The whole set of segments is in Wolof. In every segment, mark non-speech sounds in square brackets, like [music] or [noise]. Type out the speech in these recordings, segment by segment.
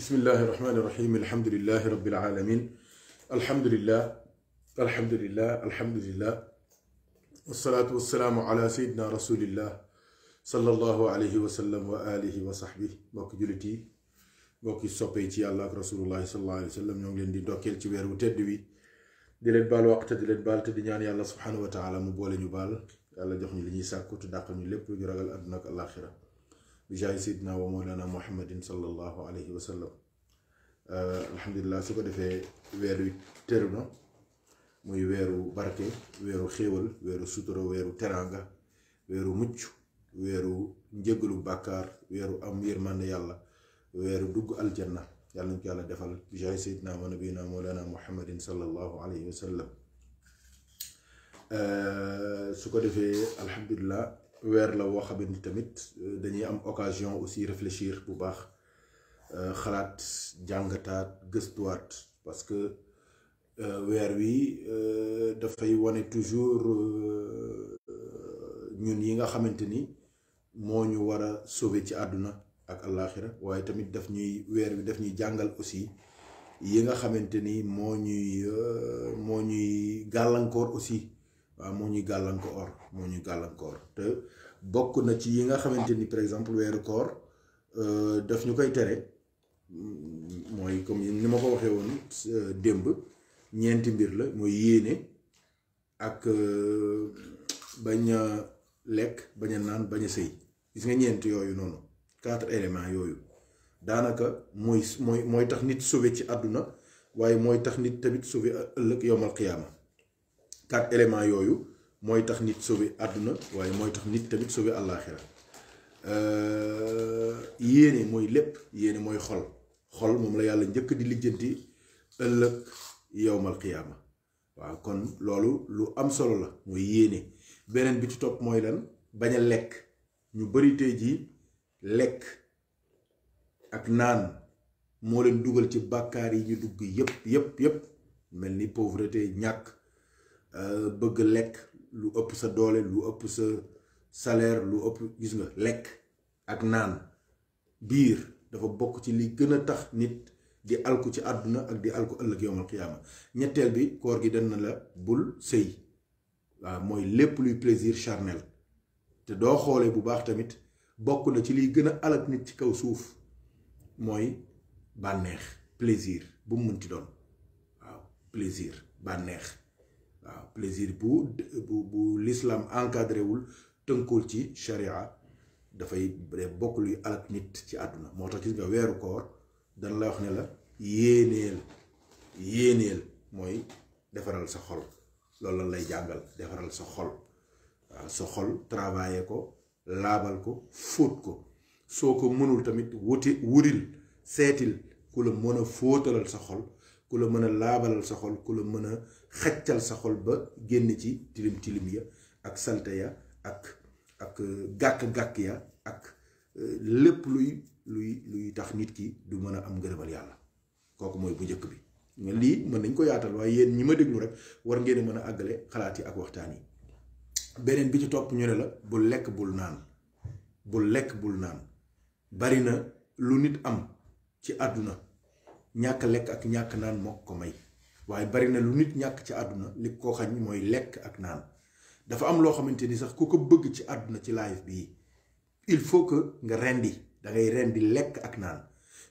بسم الله الرحمن الرحيم الحمد لله رب العالمين الحمد لله الحمد لله الحمد لله والصلاة والسلام على سيدنا رسول الله صلى الله عليه وسلم وآله وصحبه بوك جلتي بوك سوبي تي الله رسول الله صلى الله عليه وسلم يوم لين دي دوكيل تي ويرو تدوي دي لين بال وقت دي الله سبحانه وتعالى مو بولي ني بال يالا جوخني لي ني ساكو تداخل ني لب bijaahi sidna wa mawlana muhammadin sallallahu alayhi wa sallam alhamdulilah su ko defee weer wi teru na muy weeru barke weeru xéewal weeru sutura weeru teraanga weeru mucc weeru njëgalu bàkkaar weeru am yërmande yàlla weeru dugg aljanna yàlla nañ ko yàlla defal bijaahi sidna wa nabina mawlana muhammadin sallallahu alayhi wa sallam su ko defee alhamdulilah weer la woo ni tamit euh, dañuy am occasion aussi réfléchir bu baax euh, xalaat jàngataat gëstuwaat parce que euh, weer wi toujours ñun yi nga xamante ni ñu war sauver ci àdduna ak àllaaxira waaye tamit daf ñuy weer wi daf ñuy aussi yi nga xamante ni ñuy moo ñuy aussi waaw ah, moo ñuy gàllankoor moo ñuy gàllankoor te bokk na ci yi nga xamante ni par exemple weeru koor euh, daf ñu koy tere mooy comme ni ma ko waxee woon euh, démb ñeenti mbir la mooy yéene ak euh, bañ a lekk bañ a naan bañ a sëy gis nga ñeent yooyu noonu quatre éléments yooyu daanaka mooy mooy mooy tax nit sauvé ci àdduna waaye mooy tax nit tamit sauvé ëllëg yowmal qiyaama quatre éléments yooyu mooy tax nit sauver àdduna waaye mooy tax nit tamit sauver àllaaxira euh, yéene mooy lépp yéene mooy xol xol moom la yàlla njëkk di lijjanti ëllëg yowmal qiyaama waaw kon loolu lu am solo la mooy yéene beneen bi ci topp mooy lan bañ lekk ñu bari tey jii lekk ak naan moo leen dugal ci bàkkaar yi ñu dugg yépp yépp yépp mel ni pauvreté ñàkk Euh, bëgg lekk lu ëpp sa doole lu ëpp sa salaire lu ëpp gis nga lekk ak naan biir dafa bokk ci li gën a tax nit di alku ci àdduna ak di alku ëllëg yowmal xiyaama ñetteel bi koor gi dem na la bul sëy waaw mooy lépp luy plaisir charnel te doo xoolee bu baax tamit bokk na ci liy gën a alak nit ci kaw suuf mooy bànneex plaisir bu mu mënti doon waaw plaisir bànneex plaisir bu bu bu l'islam encadré wul tënkul ci sharia dafay bokk luy alak nit ci àdduna moo tax gis nga weeru koor dana la wax ne la yéeneel yéeneel mooy defaral sa xol loolu lan lay jàngal defaral sa xol waaw sa xol travaillé ko laabal ko fóot ko soo ko mënul tamit wuti wuril seetil ku la mën a fóotalal sa xol ku la mën a laabalal sa xol ku la mën a xaccal sa xol ba génn ci tilim tilim ya ak salte ya ak ak gàkk-gàkk euh, ya ak euh, lépp luy luy luy tax nit ki du mën a am ngërëmal yàlla kooku mooy bu njëkk bi nga lii mën nañ ko yaatal waaye yéen ñi ma déglu rek war ngeen mën a àggale xalaat yi ak waxtaan yi beneen bi ci topp ñu ne la bul lekk bul naan bul lekk bul naan bari na lu nit am ci àdduna ñàkk lekk ak ñàkk naan moo ko may waaye bari na lu nit ñàkk ci àdduna li koo xañ mooy lekk ak naan dafa am loo xamante ni sax ku ko bëgg ci àdduna ci live bi il faut que nga rendi dangay ngay rendi lekk ak naan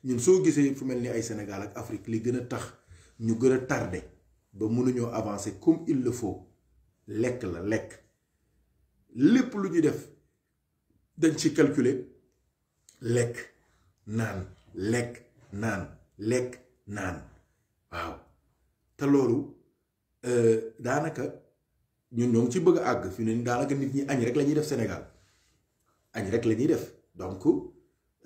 ñun soo gisee fu mel ni ay senegal ak Afrique li gën a tax ñu gën a tardé ba mënuñoo avancer comme il faut lekk la lekk lépp lu ñu def dañ ci calculer lekk naan lekk naan. lekk naan waaw te loolu euh, daanaka ñun ñoo ci bëgg àgg fi ne ni daanaka nit ñi añ rek la ñuy def Sénégal añ rek la ñuy def donc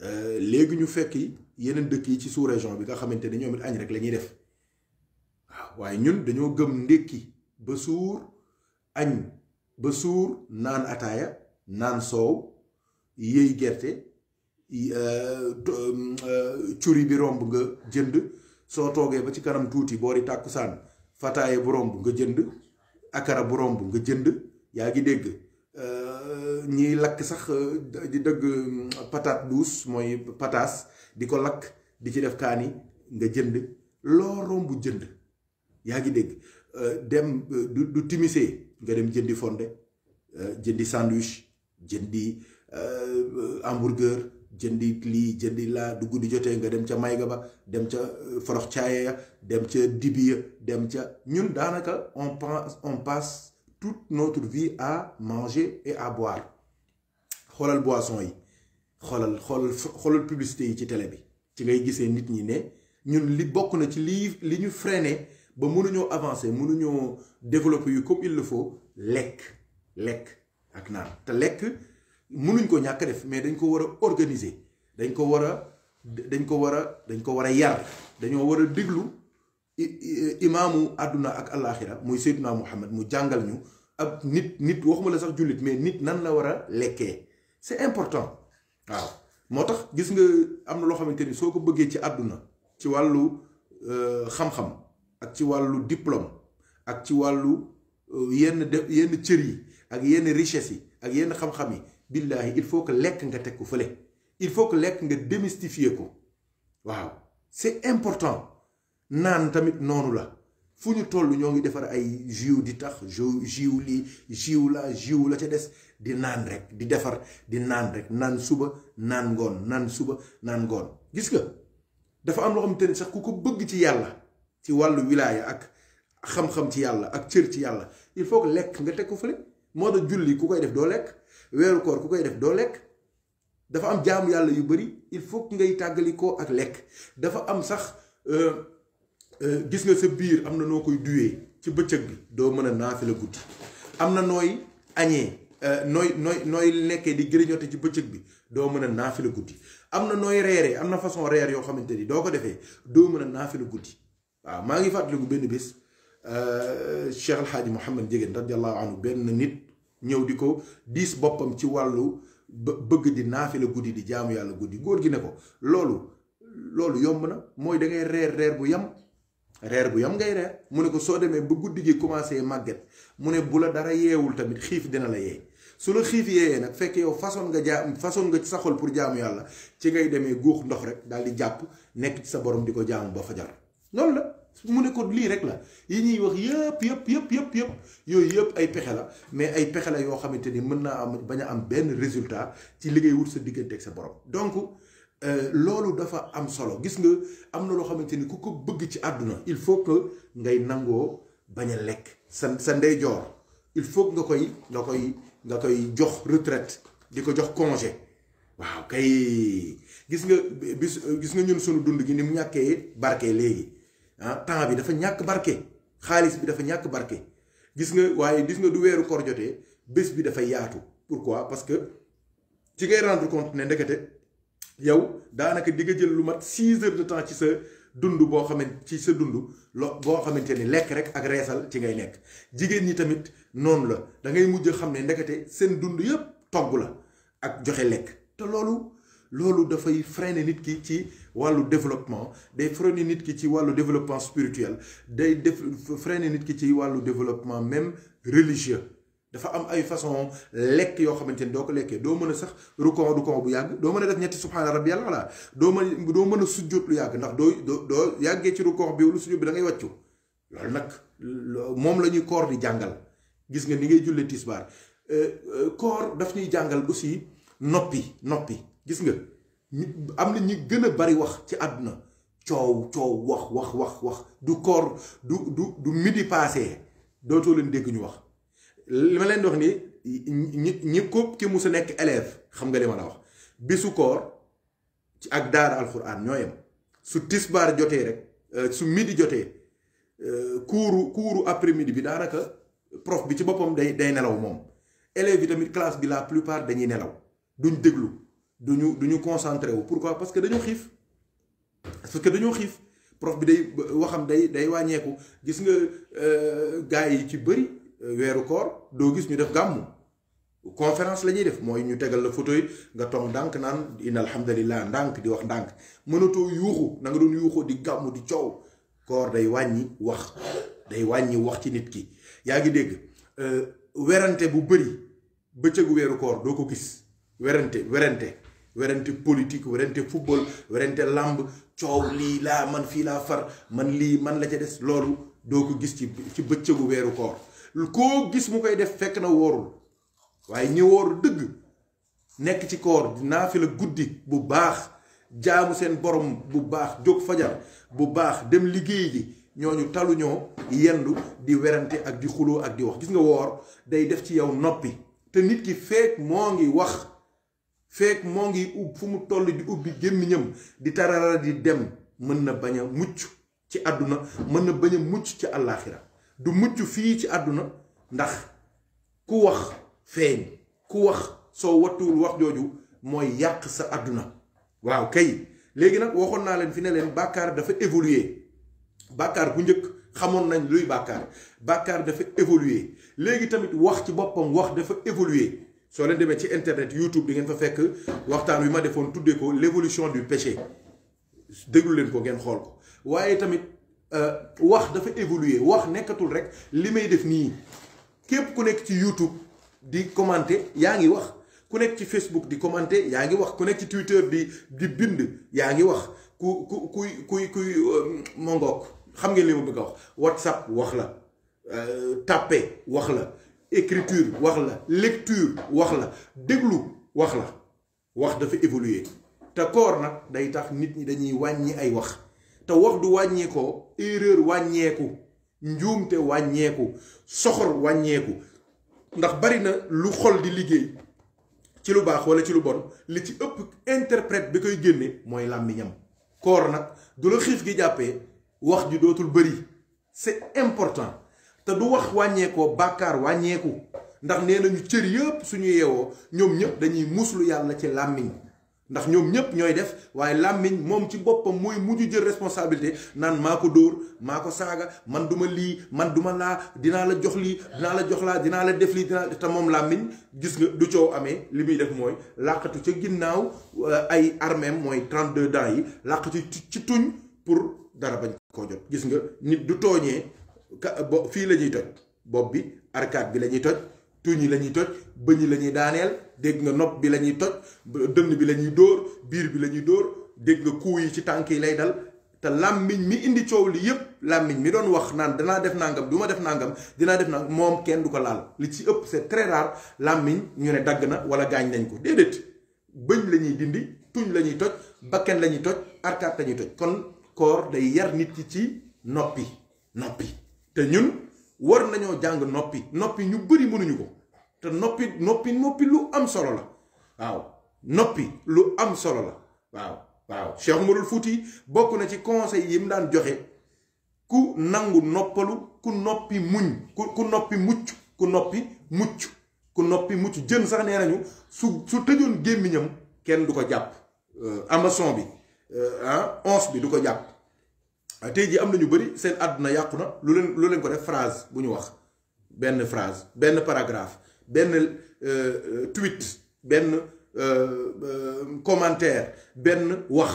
euh, léegi ñu fekk yeneen dëkk yi ci sous région bi nga xamante ni ñoom it añ rek la def waaw waaye ñun dañoo gëm ndékki ba suur añ ba suur naan ataaya naan soow yëy gerte. Euh, euh, curi bi romb nga jënd soo toogee ba ci kanam tuuti boori tàkkusaan fataaye bu romb nga jënd akara bu romb nga jënd yaa ngi dégg euh, ñiy lakk sax di dëgg patate douce mooy pataas di ko lakk di ci def kaani nga jënd loo romb jënd yaa ngi dégg dem du du timisee nga dem jëndi fonde jëndi sandwich jëndi hamburger jëndi li jëndi du jotee nga dem ca on ba dem ca euh, forox dem dibi on passe toute notre vie à manger et à boire xoolal boisson yi publicité yi ci télé bi ci ngay gisee nit ñi ne ñun li bokk na ci li ba développer comme il le faut lekk lekk ak naan te mënuñ ko ñàkk def mais dañ ko war a organiser dañ ko war a dañ ko war a dañ ko war a yar dañoo war a déglu imaamu àdduna ak alaaxira muy Seydina Muhammad mu jàngal ñu ak nit nit waxuma la sax jullit mais nit nan la war a lekkee c'est important waaw moo tax gis nga am na loo xamante ni soo ko bëggee ci àdduna ci wàllu euh, xam-xam ak ci wàllu diplôme ak ci wàllu euh, yenn de yenn cër yi ak yenn richess yi ak yenn xam-xam yi billahi il faut que lek nga teg ko il faut que lek nga démystifier ko waaw c'est important Nan tamit noonu la fuñu tollu toll ñoo ngi defar ay jiw di tax jiw li jiw la jiw la ca dess di nan rek di défar di nan rek nan suba nan ngon nan suba nan ngon gis nga dafa am loo xam sax ku ko bëgg ci yalla ci walu wilaya ak xam-xam ci yalla ak cër ci yalla il faut que lek nga teg ko fële moo julli ku koy def do lek weeru koor ku koy def doo lekk dafa am jaamu yàlla yu bari il faut ngay tàggalikoo ak lekk dafa am sax gis nga sa biir am na noo koy duwee ci bëccëg bi doo mën a naafi la guddi am na nooy añee nooy nooy nooy nekkee di gërëñoote ci bëccëg bi doo mën a la guddi am na nooy reeree am na façon reer yoo xamante ni doo ko defee doo mën a la guddi waaw maa ngi fàttaliku benn bés Cheikh El Hadj Mouhamed Ndiéguène radiyallahu anhu benn nit ñëw di ko diis boppam ci wàllu bëgg di naafila guddi di jaamu yàlla guddi góor gi ne ko loolu loolu yomb na mooy da ngay reer reer bu yam reer bu yam ngay reer mu ne ko soo demee ba guddi gi commencé màgget mu ne bu la dara yeewul tamit xiif dina la yeey su la xiif yee nag fekk yow façon nga jaam façon nga saxol pour jaamu yàlla ci ngay demee guux ndox rek daal di jàpp nekk ci sa borom di ko jaamu ba fajar noonu la mu ko li rek la yi ñuy wax yépp yépp yépp yépp mais ay pexe la yoo xamante am résultat ci liggéey wut sa diggante sa borom donc euh, loolu dafa am solo gis nga am na loo ni bëgg il faut que ngay nangoo bañ a lekk sa il faut que nga koy nga koy nga koy jox retraite di congé waaw kay gis nga gis nga ñun sunu dund gi ni Ah, temps bi dafa ñàkk barke xaalis bi dafa ñàkk barke gis nga waaye gis nga du weeru koor jotee bés bi dafa yaatu pourquoi parce que ci ngay rendre compte ne ndekete yow daanaka di nga jël lu mat six heures de temps ci sa dund boo xamante ci sa dund lo boo xamante ni lekk rek ak reesal ci ngay nekk jigéen ñi tamit noonu la da ngay mujj xam ne ndekete seen dund yëpp togg la ak joxe lekk te loolu da fay freiner nit ki ci walu développement day freiner nit ki ci walu développement spirituel day freiner nit ki ci walu développement même religieux dafa am ay façon lek yo xamante ni doo ko lekkee doo mën a sax rukon rukon bu yag do meuna def ñetti subhaana rabbi yàlla voilà doo mën doo mën a lu yag ndax do do yagge ci rukon bi lu sujjóot bi da ngay waccu lol nak mom lañuy ñuy koor di jangal gis nga ni ngay jullee tisbaar euh, euh, koor daf ñuy jangal aussi noppi noppi gis nga am na ñi gën a bari wax ci àdduna coow coow wax wax wax wax du koor du du du midi passé dootoo leen dégg ñu wax li ma leen dox wax nii ñi ñi ko ki su nekk élève xam nga li ma la wax bisu koor ci ak daara alxuraan ñoo yem su tisbaar jotee rek euh, su midi jotee euh, kuuru kuuru après midi bi daanaka prof bi ci boppam day day nelaw moom élèves yi tamit classe bi la plupart dañuy nelaw duñ déglu du ñu concentré wu pourquoi parce que dañoo xiif parce que dañoo xiif prof bi day waxam day day wàññeeku gis nga euh, gars yi ci bëri euh, weeru koor doo gis ñu def gàmmu conférence la ñuy def mooy ñu tegal la photo yi nga toog ndànk naan in alhamdulillah ndànk di wax ndànk mënatoo yuuxu na nga doon yuuxoo di gàmmu di coow koor day wàññi wax day wàññi wax ci nit ki yaa ngi dégg euh, werante bu bëri bëccëgu weeru koor doo ko gis werante werante werante politique werante football werante làmb coow lii laa man fii laa far man lii man la ca des loolu doo ko gis ci ci bëccëgu weeru koor koo gis mu koy def fekk na woorul waaye ñi woor dëgg nekk ci koor dinaa fi la guddi bu baax jaamu seen borom bu baax jóg fajar bu baax dem liggéey ji ñooñu taluñoo yendu di werante ak di xuloo ak di wax gis nga woor day def ci yow noppi te nit ki feek moo ngi wax feek moo ngi ub fu mu toll di ubbi gémmiñam di tarara di dem mën na bañ a mucc ci àdduna mën na bañ a mucc ci àllaaxira du mucc fii ci àdduna ndax ku wax feeñ ku wax soo wattuwul wax jooju mooy yàq sa àdduna waaw kay léegi nag waxoon naa leen fi ne leen bàkkaar dafa évoluer bàkkaar bu njëkk xamoon nañ luy bàkkaar bàkkaar dafa évoluer léegi tamit wax ci boppam wax dafa évoluer Sur les demee ci internet YouTube di ngeen fa fekk waxtaan wi ma defoon tout ko l'évolution du péché déglu pour ko ngeen xool ko waaye tamit euh, wax dafa évoluer wax nekkatul rek li may def nii képp ku nekk ci YouTube di commenter yaa ngi wax ku nekk ci Facebook di commenter yaa ngi wax ku nekk ci Twitter di di bind yaa ngi wax ku ku kuy kuy kuy euh, mongook xam ngeen li bëgg wax WhatsApp wax la euh, taper wax la écriture wax la lecture wax la déglu wax la wax dafa évoluer ta koor nak day tax nit ñi dañuy wàññi ay wax ta wax du ko erreur wàññeeku njuumte wàññeeku soxor wàññeeku ndax bari na lu xol di liggéey ci lu baax wala ci lu bon li ci ëpp interprète bi koy génne mooy làmmiñam koor nag du la xiif gi jàppee wax ji dootul bëri c'est important te du wax wàññeekoo bàkkaar wàññeeku ndax nee nañu cër yëpp suñu yeewoo ñoom ñëpp dañuy muslu yàlla ci làmmiñ ndax ñoom ñëpp ñooy def waaye làmmiñ moom ci boppam mooy mujj jël responsabilité naan maa ko dóor maa ko saaga man duma lii man duma laa dinaa la jox lii dinaa la jox laa dinaa la def lii te moom làmmiñ gis nga du coow amee li muy def mooy làqatu ca ginnaaw euh, ay armeem mooy trent 32 dents yi làqatu ci tuñ pour dara bañ koo jot gis nga nit du tooñee bo fii la ñuy toj bopp bi arcade bi lañuy ñuy toj tuñi la ñuy toj bëñi la ñuy daaneel dégg nga nopp bi la ñuy toj dënn bi la ñuy dóor biir bi la ñuy dóor dégg nga kuu yi ci tànk yi lay dal te làmmiñ mi indi coow li yëpp làmmiñ mi doon wax naan danaa def nangam du ma def nangam dinaa def nangam moom kenn du ko laal li ci ëpp c'est très rare làmmiñ ñu ne dagg na wala gaañ nañ ko déedéet bëñ la ñuy dindi tuñ la ñuy toj bakken la ñuy toj arkaat lañuy ñuy toj kon koor day yar nit ki ci noppi noppi te ñun war nañoo jàng noppi noppi ñu bëri mënuñu ko te noppi noppi noppi lu am solo la waaw noppi lu am solo la waaw waaw Cheikh Umarul Fouti bokk na ci conseil yi mu daan joxe ku nangu noppalu ku noppi muñ ku ku noppi mucc ku noppi mucc ku noppi mucc jën sax nee nañu su su tëjoon gémmiñam kenn du ko jàpp. Euh, amason bi ah once bi du ko jàpp. Ah, tey jii phrase bu phrase ben paragraphe ben tweet ben commentaire ben wax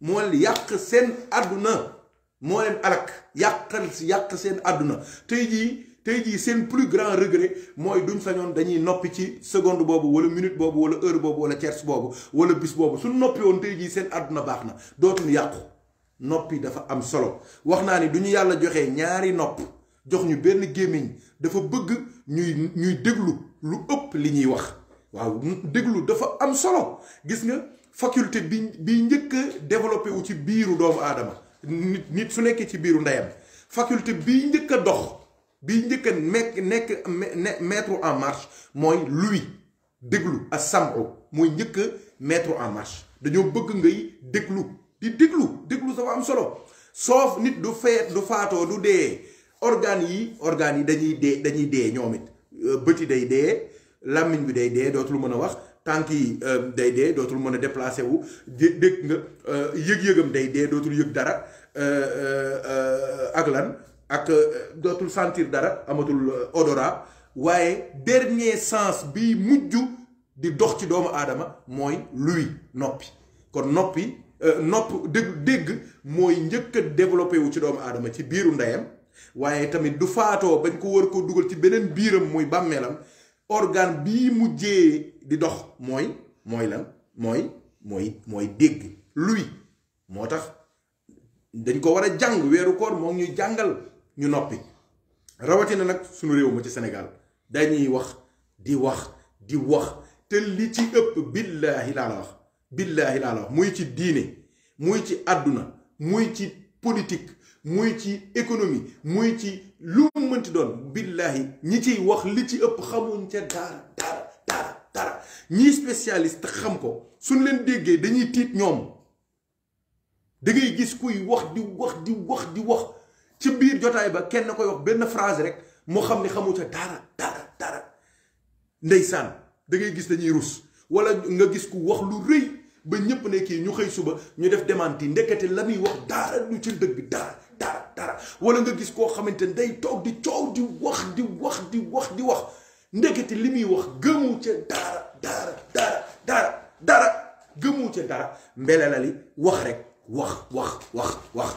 mo leen yak seen aduna mo alak yakal yak seen aduna plus grand regret moy duñ sañoon dañuy nopi ci seconde bobu wala minute bobu wala heure bobu wala tiers bobu wala bis bobu suñ nopi won seen noppi dafa am solo wax naa ni du ñu yàlla joxe ñaari nopp jox ñu benn gémmiñ dafa bëgg ñuy ñuy déglu lu ëpp li ñuy wax waaw déglu dafa am solo gis nga faculté bi bi njëkk a développé wu ci biiru doomu aadama nit su nekkee ci biiru ndeyam faculté bi njëkk a dox bi njëkk a en marche mooy luy déglu ak sam'u mooy njëkk a en marche dañoo bëgg ngay déglu di déglu déglu dafa am solo soof nit du feet du faatoo du dee organes yi organe yi dañuy dee dañuy dee ñoom it euh, bët yi day dee làmmiñ bi day dee dootul mën a wax tànk yi euh, day dee dootul mën a déplacé wu dégg nga euh, yëg-yëgam day dee dootul yëg dara ak lan ak dootul sentir dara amatul odorat waaye dernier sens bi mujj di dox ci doomu aadama mooy luy noppi kon noppi Euh, nopp dégg mooy njëkk a développé wu ci doomu aadama ci biiru ndeyam waaye tamit du faatoo bañ ko war koo dugal ci beneen biiram muy bàmmeelam organe bii mujjee di dox mooy mooy lan mooy mooy mooy dégg luy moo tax dañ ko war a jàng weeru koor moo ngi jàngal ñu noppi rawatina nag suñu réew ma ci senegal dañuy wax di wax di wax te li ci ëpp bi laa la wax billaahi laa la wax muy ci diine muy ci àdduna muy ci politique muy ci économie muy ci lu mu mënti doon billaahi ñi ciy wax li ci ëpp xamuñ ca dara dara dara dara ñi spécialiste xam ko suñ leen déggee dañuy tiit ñoom da ngay gis kuy wax di wax di wax di wax ci biir jotaay ba kenn koy wax benn phrase rek moo xam ni xamu ca dara dara dara ndeysaan da ngay gis dañuy rus wala nga gis ku wax lu rëy ba ñëpp ne kii ñu xëy suba ñu def démenti ndekete la muy wax daara lu ci dëgg bi daara daara daara wala nga gis koo xamante ne day toog di coow di wax di wax di wax di wax ndekete li muy wax gëmu ca daara daara daara daara dara gëmu ca dara mbeleelali wax rek wax wax wax wax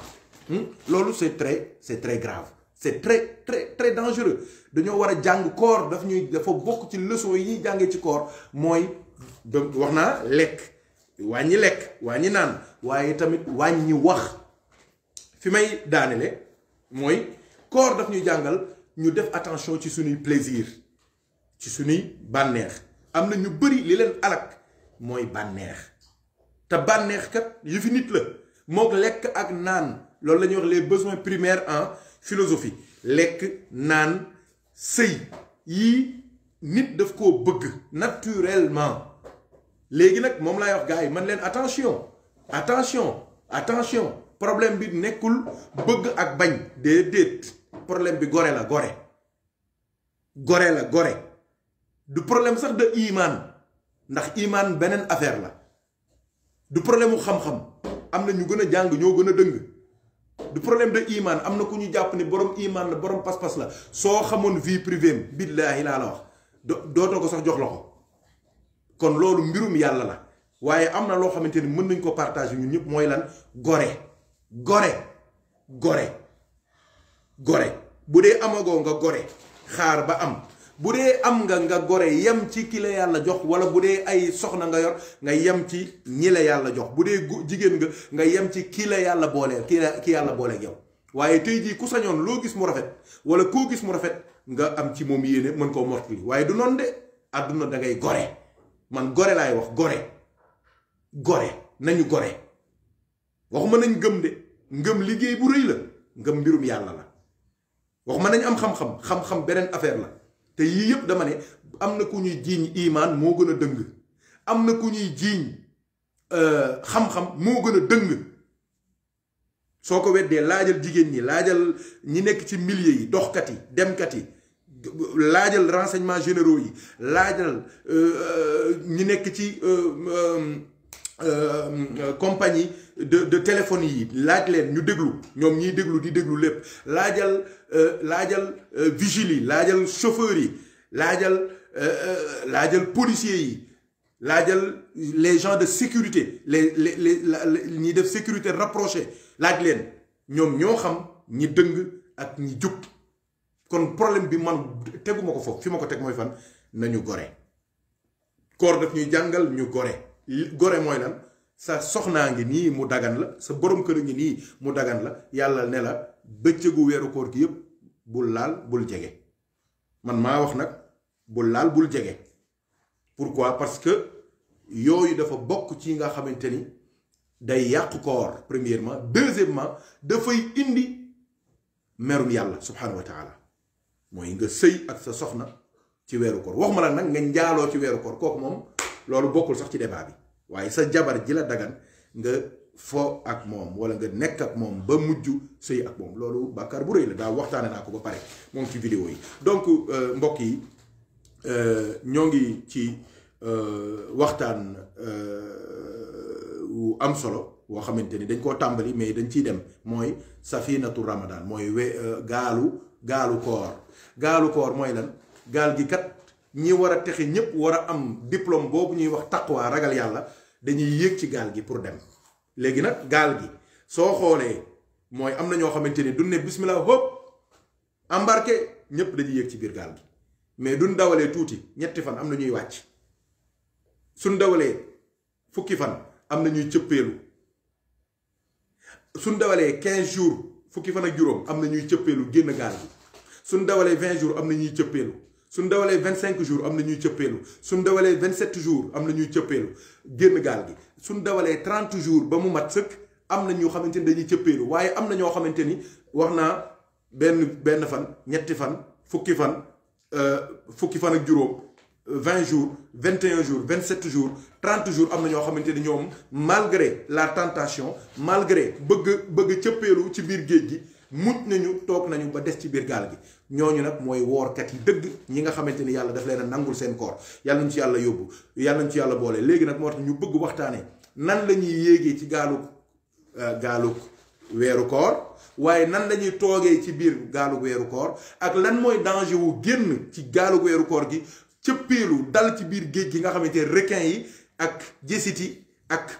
hmm? loolu c'est très c'est très grave c'est très très très dangereux Nous war a jàng koor daf ñuy dafa bokku ci leçon yi ci koor moy waxna lek wañi lek wañi nan waye tamit wañi wax fi may moy koor daf ñuy jàngal ñu def attention ci suñu plaisir ci suñu banex amna ñu bëri li leen alak moy choses. ta banex kat nit la mok lek ak nan loolu lañu wax les besoins primaires en hein philosophie lek nan sey yi nit daf ko bëgg naturellement léegi nak mom lay wax gars man len attention attention attention problème bi nekul bëgg ak bañ déedéet problème bi goré la gore goré la gore du problème sax de iman ndax iman benen affaire la du problème xam-xam amna ñu gëna jang ñoo gëna dëng du problème da iman am na ku ñu jàpp ni borom imaan la borom pas-pas la soo xamoon vie privée am billaahi laa la wax dootoo ko sax jox la ko kon loolu mbirum yàlla la waaye am na loo xamante ni mën nañ ko partager ñun ñëpp mooy lan gore gore gore gore bu dee amagoo nga gore xaar ba am bu dee am nga nga gore yem ci ki yàlla jox wala bu dee ay soxna nga yor nga yem ci ñi yàlla jox bu dee jigéen nga nga yem ci ki la yàlla booleel ki la yàlla booleeg yow waaye tey jii ku sañoon loo gis mu rafet wala koo gis mu rafet nga am ci moom yéene mën koo mottali waaye du noonu de àdduna da ngay gore man gore laay wax gore gore nañu gore waxuma nañ gëm de ngëm liggéey bu rëy la ngëm mbirum yàlla la waxuma nañ am xam-xam xam-xam beneen affaire la te yii yëpp dama ne am na ku ñuy jiiñ imaan moo gën a dëng am na ku ñuy jiiñ euh, xam-xam moo gën a dëng soo ko weddee laajal jigéen ñi laajal ñi nekk ci milieu yi doxkat yi demkat yi laajal renseignements généraux yi laajal euh, euh, ñi nekk ci Euh, euh, compagnie de de téléphonie yi laaj leen ñu déglu ñoom ñiy déglu di déglu lépp laajal euh, laajal vigile yi laajal chauffeur yi laajal laajal policier yi laajal les gens de sécurité les les les ñi def sécurité rapprochée laaj leen ñoom ñoo xam ñi dëng ak ñi jub kon problème bi man teguma ko foofu fi ma ko teg mooy fan nañu gore koor daf ñuy jàngal ñu gore gore mooy lan sa soxnaa ngi nii mu dagan la sa borom kër ngi nii mu dagan la yàlla ne la bëccëgu weeru koor ki yëpp bul laal bul jege man maa wax nag bul laal bul jege pour pourquoi parce que yooyu dafa bokk ci nga xamante ni day yàq koor premièrement deuxièmement dafay indi merum yàlla subhanahu wa mooy nga sëy ak sa soxna ci weeru koor wax ma la nag nga njaaloo ci weeru koor kooku moom loolu bokkul sax ci débat bi waye sa jabar ji la dagan nga fo ak mom wala nga nekk ak mom ba mujj sey ak mom loolu bakkar bu reuy la da waxtane naa ko ba pare mom ci vidéo yi donc euh, mbok yi euh ñongi ci euh, waxtaan euh, wu am solo wo xamanteni dañ ko tambali mais dañ ci dem moy safinatu ramadan moy we galu galu koor galu koor moy lan gal gi kat ñi wara a wara am diplôme bobu ñuy wax taqwa ragal yalla dañuy yéeg ci gaal gi pour dem léegi nag gaal gi soo xoolee mooy am na ñoo xamante ni duñ ne bismillah hop embarqué ñëpp dañuy yéeg ci biir gaal gi mais duñ dawalee tuuti ñetti fan am na ñuy wàcc suñ dawalee fukki fan am na ñuy cëppeelu dawalee 15 jours fukki fan ak juróom am na ñuy cëppeelu génn gaal gi suñ dawalee 20 jours am na ñuy cëppeelu. Sunda wale 25 jours, amne nyu chopelo. Sunda wale 27 jours, amne nyu chopelo. Gene galgi. Sunda 30 jours, bamu matsek, amne nyu khamenteni de nyu chopelo. Why amne nyu khamenteni? Warna ben ben fan, nyeti fan, fuki fan, euh, fuki fan ak 20 jours, 21 jours, 27 jours, 30 jours, amne nyu khamenteni nyom. Malgré la tentation, malgré bug bug chopelo, chibirgegi, mut nyu talk nyu ba desti birgalgi. ñooñu nag mooy woorkat yi dëgg ñi nga xamante ni yàlla daf leen nangul seen koor yàlla nañ ci yàlla yóbbu yàlla ci yàlla boole léegi nag moo tax ñu bëgg waxtaanee nan la ñuy yéegee ci gaalug euh, gaalug weeru koor waaye nan lañuy toogee ci biir gaalug weeru koor ak lan mooy danger wu génn ci gaalug weeru koor gi cëppeelu dal ci biir géej gi nga xamante ne requin yi ak jësit ak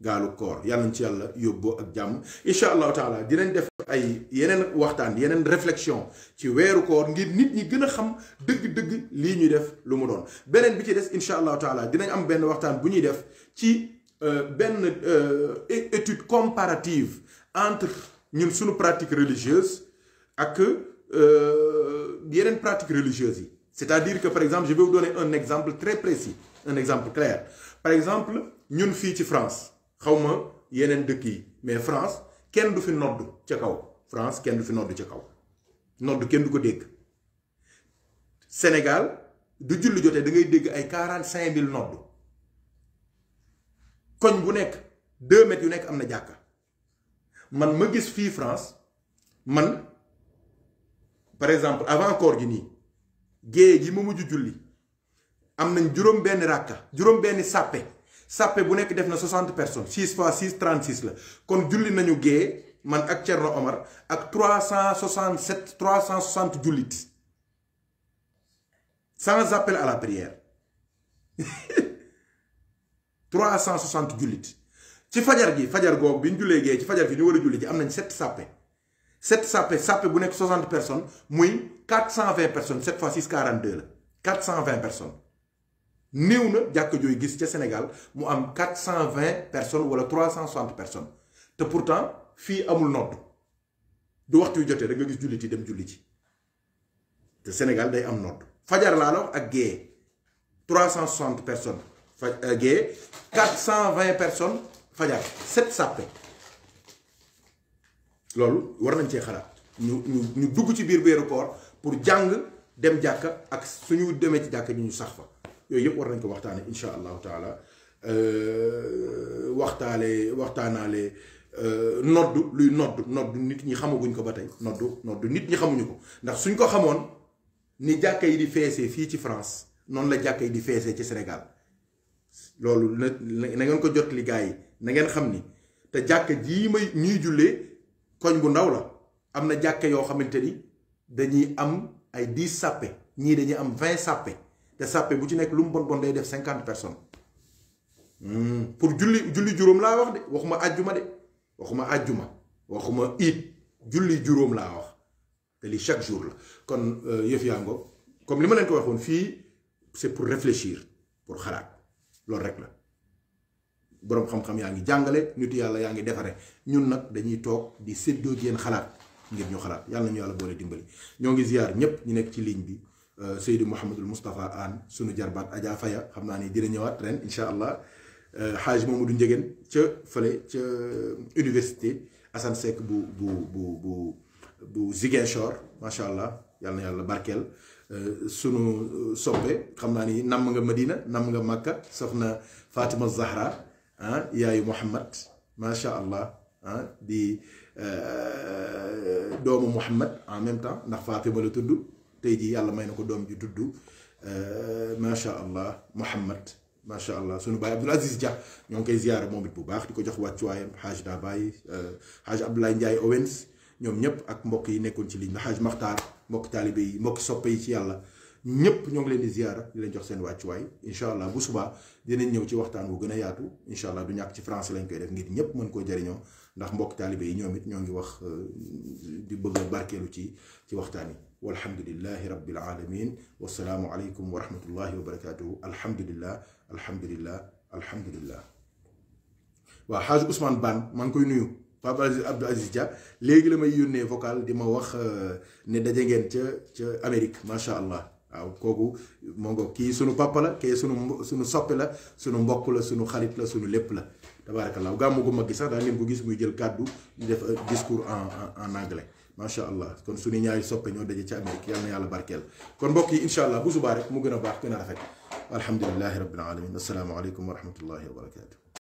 galu koor yalla na ci yàlla ak jàmm incha taala dinañ def ay yenen waxtan yenen réflexion ci wéru koor ngir nit ñi gëna xam deug deug li ñu def lu mu doon benen bi ci dess incha taala dinañ am benn waxtan bu ñuy def ci euh, benn euh, étude comparative entre ñun suñu pratique religieuse ak euh, yeneen pratique religieuse yi c'est-à-dire que par exemple je vais vous donner un exemple très précis un exemple clair par exemple ñun fii ci France xaw ma yeneen dëkk yi mais France kenn du fi nodd ca kaw France kenn du fi nodd ca kaw nodd kenn du ko dégg Sénégal du julli jotee da ngay dégg ay quarante mille nodd koñ bu nekk 2 mètres yu nekk am na jàkka man ma gis fii France man par exemple avant koor gi nii géej gi ma mujj julli am nañ juróom benn ràkka juróom benn sàppe sàppe bu nekk def na 60 personnes 6 fois 6 36 la kon julli nañu gée man ak Omar ak 367 360 jullit sans appel à la prière 360 [laughs] jullit ci fajar gi fajar googu bi ñu jullee ci fajar ñu a julli 7 sàppe 7 sapé, sàppe bu 60 personnes muy 420 personnes 7 fois 6 42 420 personnes. Nous avons vu Sénégal, il y a 420 personnes ou 360 personnes. Te pourtant, fi amul n'y a pas d'ordre. Il n'y a pas d'ordre, il n'y a pas d'ordre. Sénégal, il y a un ordre. Fajar là, il y 360 personnes. Fajar, 420 personnes, Fajar, 7 sapés. C'est ce qu'on doit faire. Nous sommes dans le record pour Djang, Demdjaka, et nous sommes dans le bureau de Djaka yooyu yëpp war nañ ko waxtaane incha allahu taala euh, waxtaale euh, luy nodd nodd nit ñi xamaguñ ko ba tey nodd nit ñi xamuñu ko ndax suñ ko ni France non la jàkka yi di feesee ci Sénégal loolu na ngeen ko jot li na ngeen ni te jàkka jii may ñuy jullee koñ bu ndaw la am dañuy am ay dañuy am vingt sapé te sàppe bu ci nekk lu bon bon day def 50 personnes hmm. pour julli julli juróom la wax de waxuma aljuma de waxuma aljuma waxuma iit julli juróom la wax te li chaque jour la kon euh, yëf yaa ngo comme li ma leen ko waxoon c'est pour réfléchir pour xalaat loolu rek la boroom xam-xam yaangi jangale jàngale nit yalla yaangi defare ñun nak dañuy tok di seddo yéen xalaat ngir ñu xalaat yalla ñu yalla boole dimbali ñongi ziar ñep ñu nek ci ligne bi سيد محمد المصطفى ان سنو جربات ادجا فايا خمنا ني نيوات رين ان شاء الله حاج مامودو نديغن تي فلي تي يونيفرسيتي اسان سيك بو بو بو بو بو زيغنشور ما شاء الله يالنا يالا باركيل سنو صوبي خمنا ني مدينه نامغا مكه سخنا فاتمة الزهراء يا ياي محمد ما شاء الله ها دي دوم محمد ان ميم تام نخ فاطمه tey jii yàlla may na ko doom ji ju tudd euh, macha allah Muhammad macha allah sunu baay Abdoul Aziz ja ñoo ngi koy ziyaara moom it bu baax di ko jox wàccuwaayam xaaj daa bàyyi xaaj euh, Abdoulaye Ndiaye Owens ñoom ñëpp ak mbokk yi nekkoon ci lii bi xaaj Maxtaar mbokk taalibe yi mbokk soppe yi ci yàlla ñëpp ñoo ngi leen di ziyaara leen jox seen wàccuwaay incha allah bu subaa dinañ ñëw ci waxtaan wu gën a yaatu incha allah du ñàkk ci français lañ koy def ngir ñëpp mën koo jëriñoo. ndax mbokk taalibe yi ñoom it ñoo ngi wax di bëgg a barkeelu ci ci waxtaan yi walhamdulillahi rabbil alamin wasalaamu aleykum wa rahmatullahi wa barakatuhu alhamdulillah alhamdulillah alhamdulillah waaw xaaj Ousmane Ban maa ngi koy nuyu Pape Abdou Aziz Dia léegi la may yónnee vocal di ma wax ne daje ngeen ca ca Amérique macha allah waaw kooku moo ngo kii sunu papa la kii sunu sunu soppe la sunu mbokk la sunu xarit la sunu lépp la tabaarakallaahu gàmmu gu mag gi sax daa ngeen ko gis muy jël kàddu di def euh, discours en en anglais macha allah kon suñu ñaari soppe ñoo daje ci Amérique yal na yàlla barkeel kon mbokk yi incha allah bu subaa mu gën a baax gën a rafet alhamdulilahi rabbil alamin asalaamaaleykum wa rahmatullahi wa barakatu